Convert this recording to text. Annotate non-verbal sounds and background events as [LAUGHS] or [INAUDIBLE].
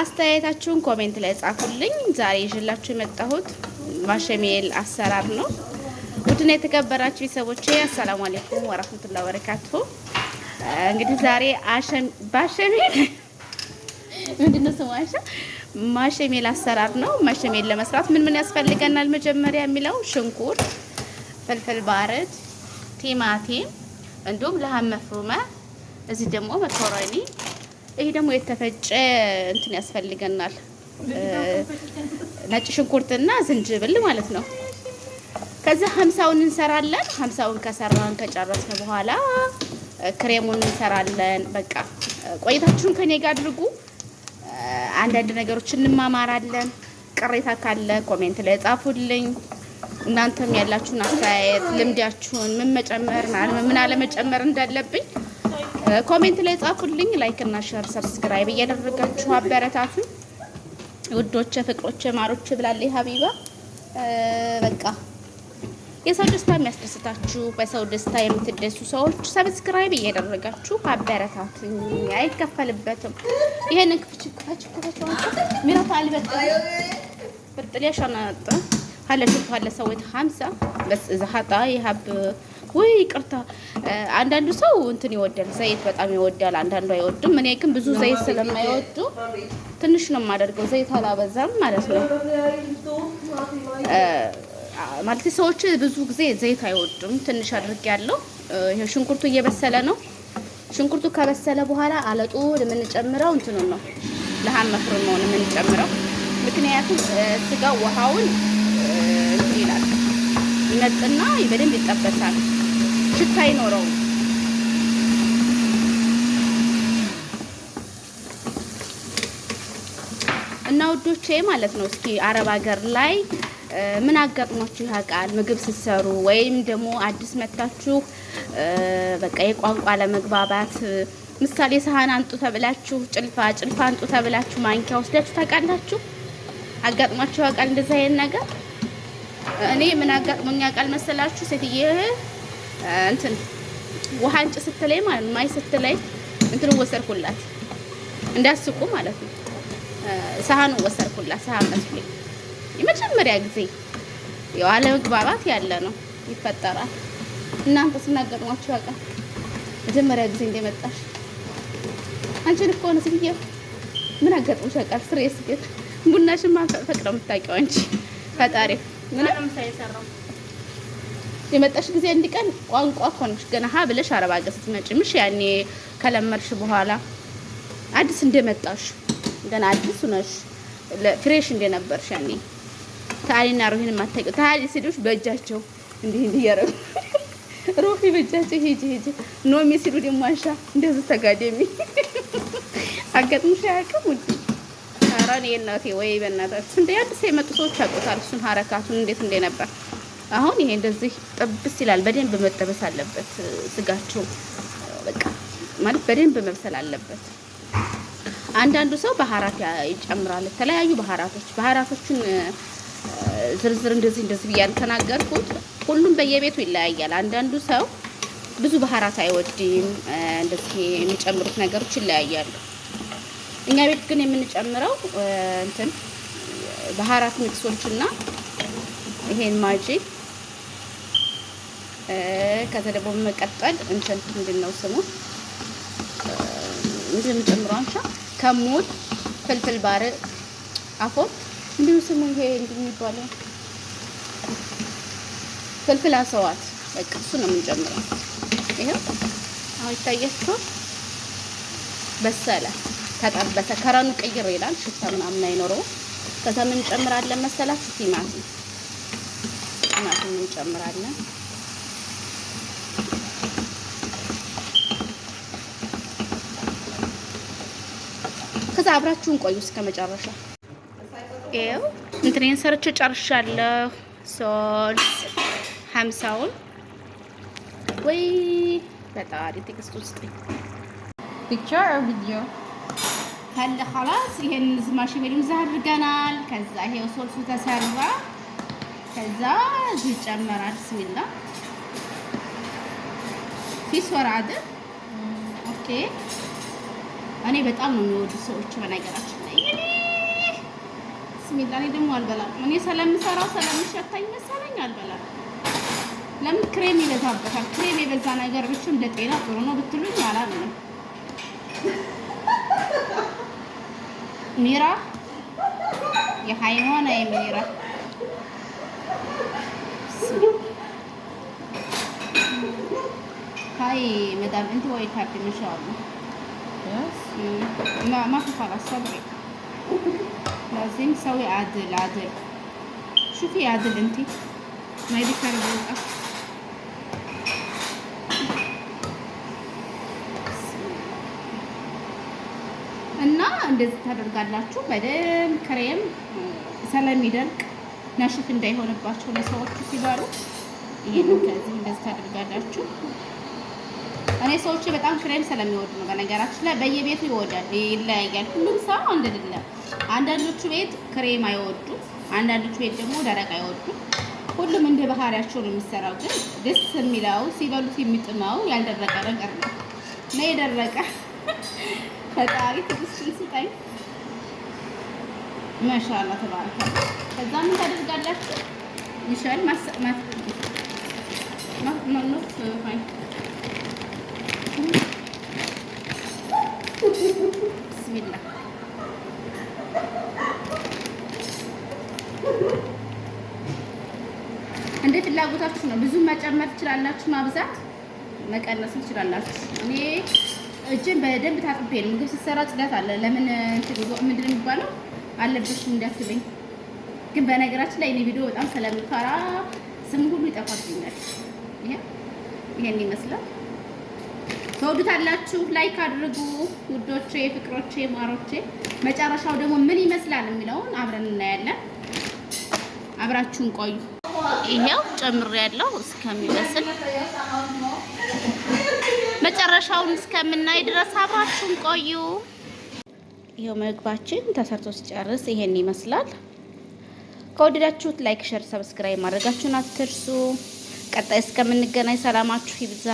አስተያየታችሁን ኮሜንት ላይ ጻፉልኝ። ዛሬ ይዤላችሁ የመጣሁት ማሸሜል አሰራር ነው። ቡድን የተከበራችሁ ቤተሰቦቼ አሰላሙ አለይኩም ወራህመቱላሂ ወበረካቱሁ። እንግዲህ ዛሬ ባሸሜል [LAUGHS] ምንድነው ስሙ አሻ ማሸሜል አሰራር ነው። ማሸሜል ለመስራት ምን ምን ያስፈልገናል? መጀመሪያ የሚለው ሽንኩርት፣ ፍልፍል ባረድ፣ ቲማቲም እንዲሁም ለሐመፍሩመ እዚህ ደግሞ መኮረኒ ይሄ ደግሞ የተፈጨ እንትን ያስፈልገናል። ነጭ ሽንኩርትና ዝንጅብል ማለት ነው። ከዛ ሀምሳውን እንሰራለን። ሀምሳውን ከሰራን ከጨረስን በኋላ ክሬሙን እንሰራለን። በቃ ቆይታችሁን ከኔ ጋር አድርጉ። አንዳንድ ነገሮች እንማማራለን። ቅሬታ ካለ ኮሜንት ላይ ጻፉልኝ። እናንተም ያላችሁን አስተያየት፣ ልምዳችሁን ምን መጨመር ምን አለመጨመር እንዳለብኝ ኮሜንት ላይ ጻፉልኝ። ላይክ እና ሼር ሰብስክራይብ እያደረጋችሁ አበረታቱ ውዶቼ፣ ፍቅሮቼ፣ ማሮች ብላለች ሀቢባ። በቃ የሰው ደስታ የሚያስደስታችሁ በሰው ደስታ የምትደሱ ሰዎች ሰብስክራይብ እያደረጋችሁ አበረታቱኝ። አይከፈልበትም። ይሄን ክፍች ክፍች ክፍች ምራት አልበጣ ብርጥሊያ ሻናጥ ሀለሽ ሀለ ሰውት 50 በስ اذا ይሀብ ወይ ይቅርታ። አንዳንዱ ሰው እንትን ይወዳል፣ ዘይት በጣም ይወዳል። አንዳንዱ አይወድም። እኔ ግን ብዙ ዘይት ስለማይወዱ ትንሽ ነው የማደርገው፣ ዘይት አላበዛም ማለት ነው። ማለት ሰዎች ብዙ ጊዜ ዘይት አይወዱም። ትንሽ አድርጌ ያለው ይሄ ሽንኩርቱ እየበሰለ ነው። ሽንኩርቱ ከበሰለ በኋላ አለጡ የምንጨምረው እንትኑ ነው ለሃን መፍሩ ነው የምንጨምረው። ምክንያቱም ስጋው ውሃውን ይላል ይነጥና በደንብ ይጠበሳል። ሽታ አይኖረውም። እና ውዶቼ ማለት ነው እስኪ አረብ ሀገር ላይ ምን አጋጥሟችሁ ያውቃል? ምግብ ስትሰሩ ወይም ደግሞ አዲስ መታችሁ በቃ የቋንቋ ለመግባባት ምሳሌ ሰሃን አንጡ ተብላችሁ ጭልፋ ጭልፋ አንጡ ተብላችሁ ማንኪያ ወስዳችሁ ታውቃላችሁ? አጋጥሟችሁ ያውቃል? እንደዛ አይነት ነገር እኔ ምን አጋጥሞኝ ያውቃል መሰላችሁ ሴትዬ እንትን ውሃ እንጭ ስትለይ ማለት ነው። ማይ ስትለይ እንትን ወሰድኩላት እንዳስቁ ማለት ነው። ሳህኑ ወሰርኩላት ሳህን መስፍሌ የመጀመሪያ ጊዜ ያው አለመግባባት ያለ ነው ይፈጠራል። እናንተ ስናገጥሟችሁ ያውቃል። መጀመሪያ ጊዜ እንደመጣሽ አንቺን እኮ ነው ሲብየ ምን አጋጥሞሽ ያውቃል? ስሬስ ቡናሽን ማንፈቅፈቅ ነው የምታውቂው አንቺ ፈጣሪ ምንም ሳይሰራው የመጣሽ ጊዜ አንድ ቀን ቋንቋ ኮንሽ ገና ሀ ብለሽ አረብ አገር ስትመጪ ምሽ ያኔ ከለመድሽ በኋላ አዲስ እንደመጣሽ ገና አዲስ ነሽ ፍሬሽ እንደነበርሽ ያኔ ታሊና ሩሂን ማታውቂው ታሊ ሲሉሽ በእጃቸው እንዲህ እንዲህ ያረጉ [LAUGHS] ሩሂ በእጃቸው ሂጂ ሂጂ ኖሚ ሲሉ ደግሞ አንሻ እንደዚህ ተጋደሚ [LAUGHS] አጋጥሞሽ አያውቅም ውድ ኧረ እኔ እናቴ ወይ በእናታችሁ እንደ አዲስ የመጡ ሰዎች ያውቁታል እሱን ሀረካቱን እንዴት እንደነበር አሁን ይሄ እንደዚህ ጥብስ ይላል። በደንብ መጠበስ አለበት ስጋቸው በቃ ማለት በደንብ መብሰል አለበት። አንዳንዱ ሰው ባህራት ይጨምራል፣ የተለያዩ ባህራቶች ባህራቶቹን ዝርዝር እንደዚህ እንደዚህ ብዬ ያልተናገርኩት ሁሉም በየቤቱ ይለያያል። አንዳንዱ ሰው ብዙ ባህራት አይወድም። እንደዚህ የሚጨምሩት ነገሮች ይለያያሉ። እኛ ቤት ግን የምንጨምረው እንትን ባህራት ሚክሶችና ይሄን ማጂክ ከዛ ደግሞ በመቀጠል እንትን ምንድን ነው ስሙ እንዲሁም ጨምሮ አንሻ ከሙል ፍልፍል ባር አፎም እንዲሁ ስሙ ይሄ እንዲህ የሚባለው ፍልፍል አሰዋት በቃ እሱ ነው የምንጨምረው። ይሄው አሁን ይታያችሁ በሰለ ተጠበሰ። ከረኑ ቀይሮ ይላል ሽታ ምናምን አይኖረው። ከዛ ምን እንጨምራለን መሰላችሁ? ቲማቲም ቲማቲም እንጨምራለን። ከዛ አብራችሁን ቆዩ እስከ መጨረሻ። ይኸው እንትኔን ሰርቼ ጨርሻለሁ። ሶልስ ሀምሳውን ወይ በጣም ቴክስት ውስጥ ፒክቸር ቪዲዮ ካለ ኸላስ ይሄን ማሽሜሉን እዛ አድርገናል። ከዛ ይሄው ሶልሱ ተሰራ። ከዛ እዚህ ይጨመራል። ብስሚላ ፊስ ወር ኦኬ እኔ በጣም ነው የሚወዱ ሰዎች በነገራችን ላይ ስሚላ። እኔ ደግሞ አልበላም። እኔ ስለምሰራው ስለምሸታኝ መሰለኝ አልበላም። ለምን ክሬም ይበዛበታል። ክሬም የበዛ ነገር ብቻ ለጤና ጥሩ ነው ብትሉኝ አላምንም። ሚራ የሃይሆነ የሚራ ሀይ መዳም እንት ወይ ታፕ ኢንሻአላህ لا ما في خلاص صبري لازم نسوي عدل عدل شو في عدل انتي ما يدك تربوك እና እንደዚህ ታደርጋላችሁ። በደንብ ክሬም ስለሚደርቅ ናሽፍ እንዳይሆንባቸው ለሰዎቹ ሲባሉ ይህን ከዚህ እንደዚህ ታደርጋላችሁ። እኔ ሰዎች በጣም ክሬም ስለሚወዱ ነው። በነገራችን ላይ በየቤቱ ይወዳል፣ ይለያያል። ሁሉም ሰው አንድ አይደለም። አንዳንዶቹ ቤት ክሬም አይወዱ፣ አንዳንዶቹ ቤት ደግሞ ደረቅ አይወዱ። ሁሉም እንደ ባህሪያቸው ነው የሚሰራው። ግን ደስ የሚለው ሲበሉት የሚጥመው ያልደረቀ ነገር ነው። እኔ የደረቀ [LAUGHS] ፈጣሪ ትዕግስትን ስጠኝ። ማሻአላ ተባረከ። ከዛ ምን ታደርጋላችሁ? ይሻል ማስ ማስ ማስ ብስሚላ እንደ ፍላጎታችሁ ነው። ብዙ መጨመር ትችላላችሁ፣ ማብዛት መቀነስ ትችላላችሁ። እኔ እጅን በደንብ ታጥቤ ነው። ምግብ ስትሰራ ጽዳት አለ። ለምን ምንድን የሚባለው? አለብሽ እንዳትበኝ። ግን በነገራችን ላይ እኔ ቪዲዮ በጣም ስለምፈራ ስም ሁሉ ይጠፋብኛል። ይሄን ይመስላል። ተወዱታላችሁ። ላይክ አድርጉ ውዶቼ፣ ፍቅሮቼ፣ ማሮቼ። መጨረሻው ደግሞ ምን ይመስላል የሚለውን አብረን እናያለን። አብራችሁን ቆዩ። ይሄው ጨምር ያለው እስከሚመስል መጨረሻውን እስከምናይ ድረስ አብራችሁን ቆዩ። ይሄው ምግባችን ተሰርቶ ሲጨርስ ይሄን ይመስላል። ከወደዳችሁት ላይክ፣ ሸር፣ ሰብስክራይብ ማድረጋችሁን አትርሱ። ቀጣይ እስከምንገናኝ ሰላማችሁ ይብዛ።